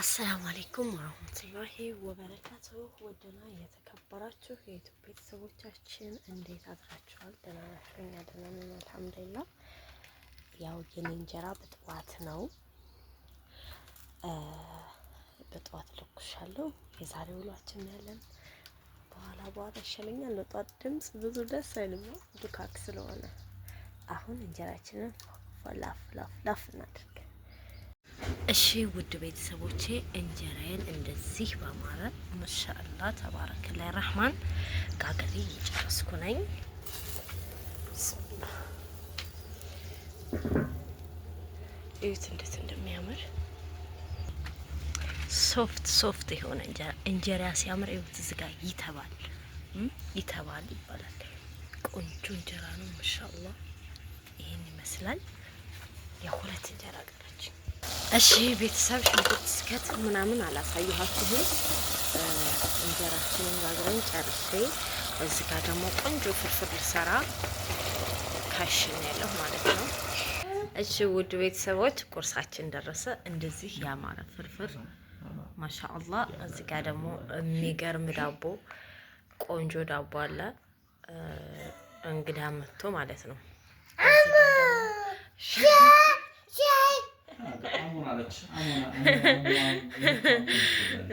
አሰላሙ አሌይኩም ወረህመቱላሂ ወበረካቱ። ውድና የተከበራችሁ የኢትዮጵያ ቤተሰቦቻችን እንዴት አድራችኋል? ደህና ናችሁ? እኛ ደህና ነን አልሐምዱሊላህ። ያው የኔ እንጀራ በጠዋት ነው በጠዋት ለኩሻለሁ። የዛሬ ውሏችን ያለን በኋላ በኋላ ይሻለኛል። በጠዋት ድምፅ ብዙ ደስ አይልም፣ ዱካክ ስለሆነ አሁን እንጀራችንን ላፍ ላፍ ላፍ እናድርግ እሺ ውድ ቤተሰቦቼ እንጀራዬን እንደዚህ በማረ ማሻአላ ተባረከላይ ረህማን ጋገሬ እየጨረስኩ ነኝ። እዩት እንዴት እንደሚያምር ሶፍት ሶፍት የሆነ እንጀራ እንጀራ ሲያምር እዩት። ዝጋ ይተባል ይተባል ይባላል። ቆንጆ እንጀራ ነው ማሻአላ። ይሄን ይመስላል የሁለት እንጀራ እሺ ቤተሰብ ሽንኩርት ስከት ምናምን አላሳየኋችሁም። እንጀራችንን ጋግረን ጨርሼ እዚህ ጋር ደግሞ ቆንጆ ፍርፍር ልሰራ ካሽን ያለሁ ማለት ነው። እሺ ውድ ቤተሰቦች ቁርሳችን ደረሰ። እንደዚህ ያማረ ፍርፍር ማሻአላ። እዚህ ጋር ደግሞ የሚገርም ዳቦ፣ ቆንጆ ዳቦ አለ እንግዳ መጥቶ ማለት ነው።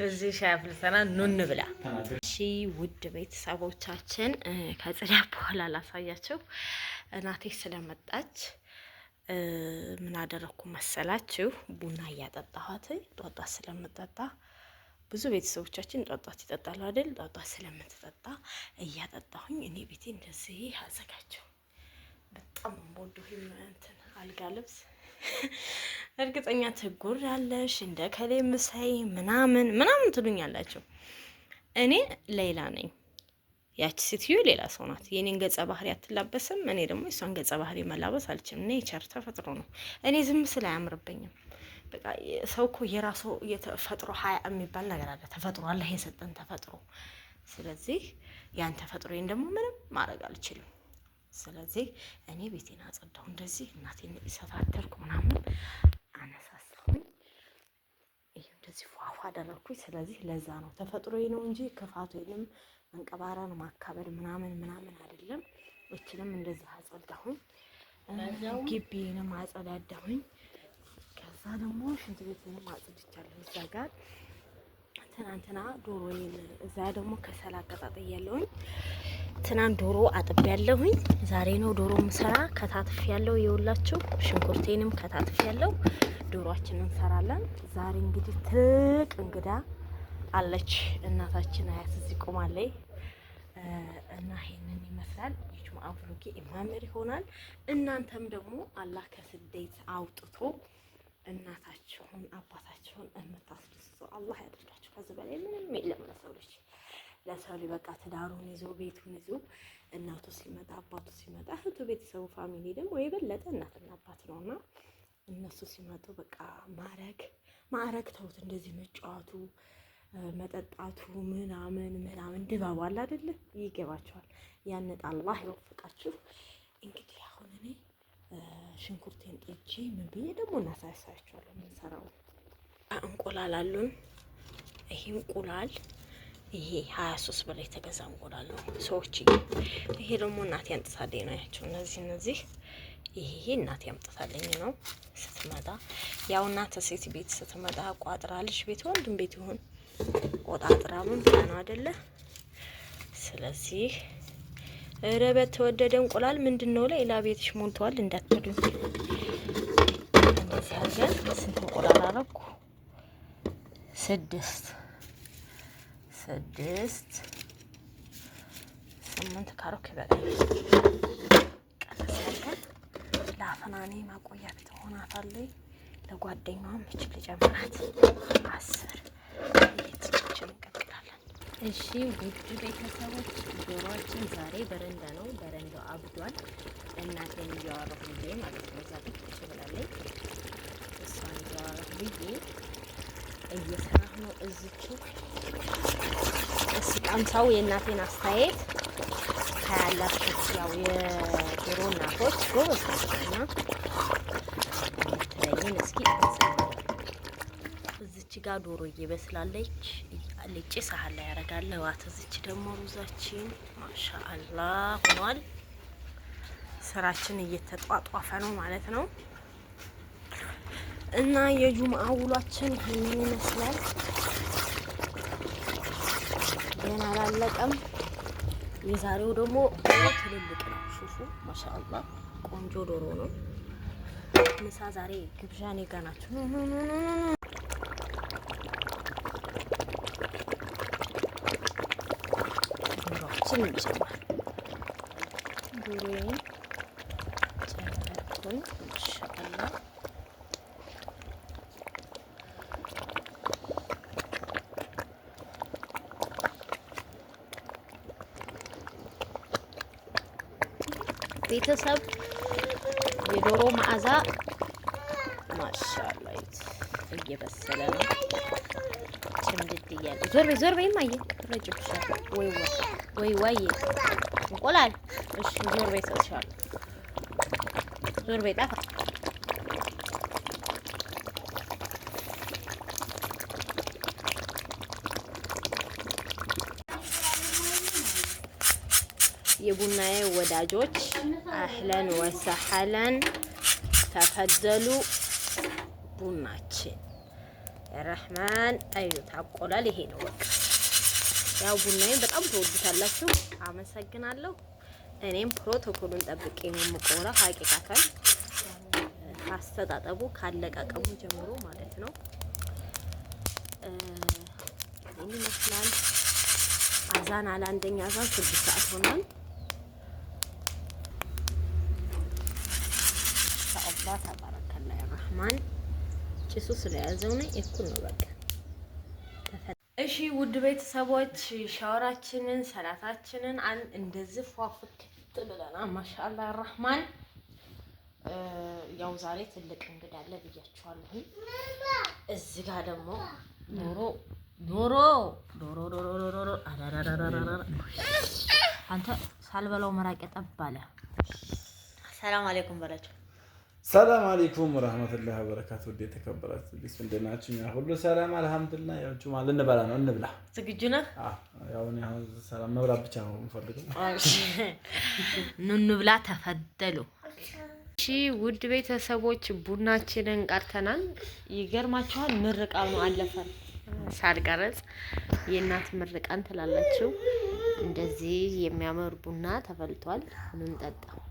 እዚህ ሻይ አፍልተናል። ኑን ብላ። እሺ ውድ ቤተሰቦቻችን ከጽዳት በኋላ ላሳያቸው። እናቴ ስለመጣች ምን አደረግኩ መሰላችሁ? ቡና እያጠጣኋት ጧጧት ስለምጠጣ ብዙ ቤተሰቦቻችን ጧጧት ይጠጣሉ አይደል? ጧጧት ስለምትጠጣ እያጠጣሁኝ እኔ ቤቴ እንደዚህ አዘጋጀው። በጣም ወዶ እንትን አልጋ ልብስ እርግጠኛ ትጎዳለሽ፣ እንደ ከሌ ምሳይ ምናምን ምናምን ትሉኛላችሁ። እኔ ሌላ ነኝ። ያቺ ሴትዮ ሌላ ሰው ናት። የኔን ገጸ ባህሪ አትላበስም። እኔ ደግሞ የሷን ገጸ ባህሪ መላበስ አልችልም። ኔቸር ተፈጥሮ ነው። እኔ ዝም ስል አያምርብኝም። በቃ ሰው እኮ የራሱ የተፈጥሮ ሀያ የሚባል ነገር አለ። ተፈጥሮ አለ የሰጠን ተፈጥሮ። ስለዚህ ያን ተፈጥሮዬን ደግሞ ምንም ማድረግ አልችልም። ስለዚህ እኔ ቤቴን አጸዳሁ፣ እንደዚህ እናቴን ሰታተልኩ ምናምን አደረግኩኝ። ስለዚህ ለዛ ነው ተፈጥሮ ነው እንጂ ክፋት ወይንም መንቀባረር ማካበድ ምናምን ምናምን አይደለም። እችንም እንደዛ አጸዳሁኝ፣ ግቢንም አጸዳዳሁኝ። ከዛ ደግሞ ሽንት ቤትንም አጽድቻለሁ እዛ ጋር ትናንትና ዶሮ እዛ ደግሞ ከሰል አቀጣጠል ያለውኝ ትናንት ዶሮ አጥብ ያለሁኝ ዛሬ ነው ዶሮ ምሰራ ከታትፍ ያለው የውላችሁ ሽንኩርቴንም ከታትፍ ያለው ዶሯችን እንሰራለን። ዛሬ እንግዲህ ትልቅ እንግዳ አለች እናታችን አያት እዚህ ቆማለች እና ይሄንን ይመስላል የጁምአ ብሎጌ የማምር ይሆናል። እናንተም ደግሞ አላህ ከስደት አውጥቶ እናታችሁን አባታችሁን የምታስደስቱ አላህ ያደርጋችሁ። ከዚህ በላይ ምንም የለም ለሰው ልጅ ለሰው ልጅ በቃ ትዳሩን ይዞ ቤቱን ይዞ እናቱ ሲመጣ አባቱ ሲመጣ እህቱ ቤተሰቡ ፋሚሊ ደግሞ የበለጠ እናትና አባት ነውና እነሱ ሲመጡ በቃ ማረግ ማረግ ተውት፣ እንደዚህ መጫወቱ መጠጣቱ ምናምን ምናምን ድባቡ አለ አይደለ? ይገባቸዋል። ያንን አላህ ይወፍቃችሁ። እንግዲህ አሁን እኔ ሽንኩርቴን ጥጄ ምን ብዬ ደግሞ እናሳያሳያቸዋለሁ የምንሰራው እንቁላል አሉን። ይሄ እንቁላል ይሄ ሀያ ሶስት ብር የተገዛ እንቁላል ነው ሰዎች። ይሄ ደግሞ እናቴ ነው ያቸው እነዚህ እነዚህ ይሄ እናቴ ያምጥታለኝ ነው ስትመጣ። ያው እናት ሴት ቤት ስትመጣ ቋጥራለች። ቤት ወንድም ቤት ይሁን ቆጣጥራ ምን ብላ ነው አይደለ? ስለዚህ ረበት ተወደደ እንቁላል ምንድን ነው ላ ቤትሽ ሞልተዋል እንዳትሉኝ። እንደዚህ አድርገን ስንት እንቁላል ስድስት ስድስት ስምንት ካሮክ ይበቃል። ተናኔ ማቆያ ቤት ሆናታለች። ለጓደኛዋም ምች ልጨምራት አስር እችል እንቀቅላለን። እሺ ውድ ቤተሰቦች ዶሮችን ዛሬ በረንዳ ነው። በረንዳው አብዷል። እናቴን እያዋረፉ ብዬ ማለት ነው። እዛ ቁጭ ብላለች። እሷን እያዋረፉ ብዬ እየሰራሁ ነው። እዝቹ እስቃምሳው የእናቴን አስተያየት ታያላችሁ። ያው የዶሮ እናቶች ጎበዝ ናቸውና ትለይን እስኪ እዚች ጋር ዶሮ እየበስላለች ልጬ ሳህን ላይ ያደርጋለሁ። ዋት እዚች ደግሞ ሩዛችን ማሻአላ ሆኗል። ስራችን እየተጧጧፈ ነው ማለት ነው። እና የጁምአ ውሏችን ይህንን ይመስላል። ገና አላለቀም። የዛሬው ደግሞ ትልልቅ ነው። ሹፉ ማሻአላ ቆንጆ ዶሮ ነው። ምሳ ዛሬ ግብዣ እኔ ጋ ናቸው። ዶሮችን እንጨምር። ዶሮዬን ጨመርኩኝ። ማሻአላ ቤተሰብ የዶሮ መዓዛ ማሻላ እየበሰለ ነው። ችምድድ እያለ ዞር በይ ዞር በይ ማየ ትረጭብሻል። ወይ ወይ ወይ እንቁላል እሺ ዞር በይ ሰጥሻለሁ። ዞር በይ ጣፋ የቡናዬ ወዳጆች አህለን ወሰሐለን ተፈደሉ። ቡናችን ረህማን እዩት፣ ታቆላል። ይሄ ነው በቃ። ያው ቡናዬን በጣም ትወዱታላችሁ። አመሰግናለሁ። እኔም ፕሮቶኮሉን ጠብቄ ነው የምቆላ ሀቂቃታል አስተጣጠቡ ካለቃቀሙ ጀምሮ ማለት ነው። ይህን ይመስላል። አዛን አለ አንደኛ አዛን ስድስት ሰዓት ሆኗል። ማሻላ ተባረከላ ረህማን ጭሱ ስለያዘው ነው እኩል ነው በቃ። እሺ ውድ ቤተሰቦች ሻወራችንን ሰላታችንን አን እንደዚህ ፏፍክ ትብለና ማሻላ ረህማን። ያው ዛሬ ትልቅ እንግዳ አለ ብያችኋለሁ። እዚህ ጋር ደግሞ ዶሮ ዶሮ ዶሮ ዶሮ አንተ ሳልበላው መራቅ ጠብ አለ። ሰላም አለይኩም ሰላም አሌይኩም ረህመቱላህ በረካቱ። ወደ የተከበራችሁ ልጅ እንደት ናችሁ? እኛ ሁሉ ሰላም አልሐምዱሊላህ። ያው ጁማ ልንበላ ነው፣ እንብላ። ዝግጁ ነህ? ያው አሁን ሰላም መብላት ብቻ ነው የምፈልገው። ኑ እንብላ፣ ተፈደሉ። እሺ ውድ ቤተሰቦች ቡናችንን ቀርተናል። ይገርማችኋል፣ ምርቃኑ አለፈን ሳልቀረጽ። የእናት ምርቃን ትላላችሁ። እንደዚህ የሚያምር ቡና ተፈልቷል። እንጠጣው